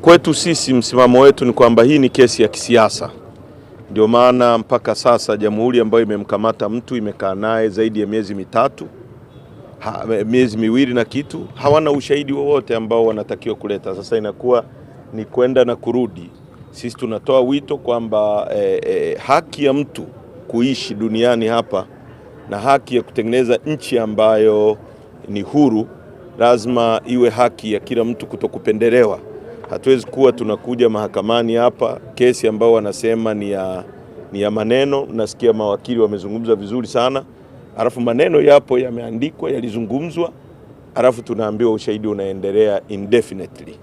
Kwetu sisi msimamo wetu ni kwamba hii ni kesi ya kisiasa. Ndio maana mpaka sasa jamhuri ambayo imemkamata mtu imekaa naye zaidi ya miezi mitatu ha, miezi miwili na kitu, hawana ushahidi wowote ambao wanatakiwa kuleta. Sasa inakuwa ni kwenda na kurudi. Sisi tunatoa wito kwamba eh, eh, haki ya mtu kuishi duniani hapa na haki ya kutengeneza nchi ambayo ni huru lazima iwe haki ya kila mtu kutokupendelewa. Hatuwezi kuwa tunakuja mahakamani hapa kesi ambao wanasema ni ya, ni ya maneno. Nasikia mawakili wamezungumza vizuri sana, alafu maneno yapo yameandikwa, yalizungumzwa, alafu tunaambiwa ushahidi unaendelea indefinitely.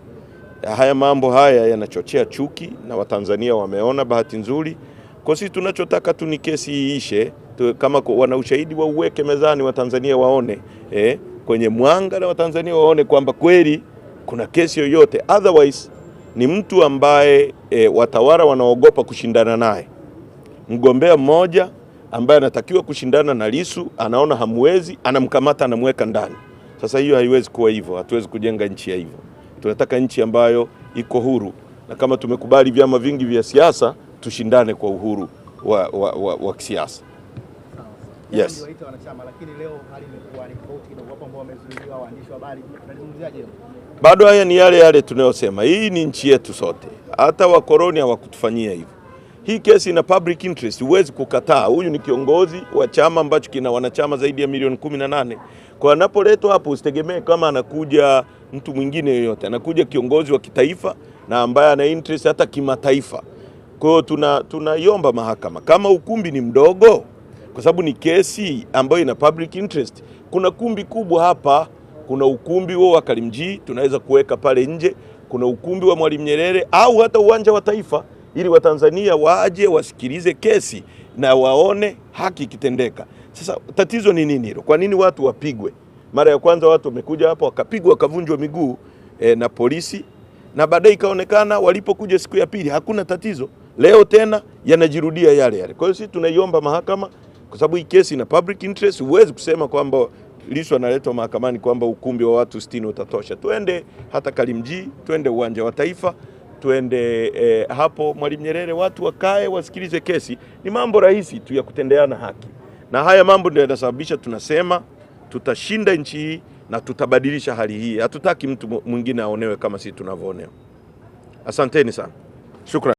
Haya mambo haya yanachochea chuki na Watanzania wameona, bahati nzuri kwa sisi. Tunachotaka tu ni kesi iishe. Kama wana ushahidi wauweke mezani, Watanzania waone eh, kwenye mwanga na Watanzania waone kwamba kweli kuna kesi yoyote, otherwise ni mtu ambaye e, watawala wanaogopa kushindana naye. Mgombea mmoja ambaye anatakiwa kushindana na lisu anaona hamwezi, anamkamata anamweka ndani. Sasa hiyo haiwezi kuwa hivyo, hatuwezi kujenga nchi ya hivyo. Tunataka nchi ambayo iko huru, na kama tumekubali vyama vingi vya siasa, tushindane kwa uhuru wa, wa, wa, wa kisiasa yes. Waita yaani wanachama, lakini leo hali imekuwa ni tofauti kidogo, wapo ambao wamezuiliwa, waandishi wa habari. Tunazungumziaje Bado haya ni yale yale tunayosema, hii ni nchi yetu sote, hata wakoloni hawakutufanyia hivyo. Hii kesi ina public interest, huwezi kukataa. Huyu ni kiongozi wa chama ambacho kina wanachama zaidi ya milioni kumi na nane. Kwa anapoletwa hapo, usitegemee kama anakuja mtu mwingine yoyote, anakuja kiongozi wa kitaifa na ambaye ana interest hata kimataifa. Kwa hiyo tunaiomba tuna mahakama, kama ukumbi ni mdogo kwa sababu ni kesi ambayo ina public interest. Kuna kumbi kubwa hapa, kuna ukumbi huo wa Karimjee tunaweza kuweka pale nje, kuna ukumbi wa Mwalimu Nyerere au hata uwanja wa Taifa, ili Watanzania waje wasikilize kesi na waone haki ikitendeka. Sasa tatizo ni nini hilo? Kwa nini watu wapigwe? Mara ya kwanza watu wamekuja hapa wakapigwa wakavunjwa miguu e, na polisi na baadaye ikaonekana walipokuja siku ya pili hakuna tatizo. Leo tena yanajirudia yale yale. Kwa hiyo sisi tunaiomba mahakama kwa sababu hii kesi ina public interest. Huwezi kusema kwamba Lissu analetwa mahakamani kwamba ukumbi wa watu 60 utatosha. Twende hata Karimjee, twende uwanja wa Taifa, twende eh, hapo Mwalimu Nyerere, watu wakae wasikilize kesi. Ni mambo rahisi tu ya kutendeana haki, na haya mambo ndio yanasababisha tunasema tutashinda nchi hii na tutabadilisha hali hii. Hatutaki mtu mwingine aonewe kama sisi tunavyoonewa. Asanteni sana, shukrani.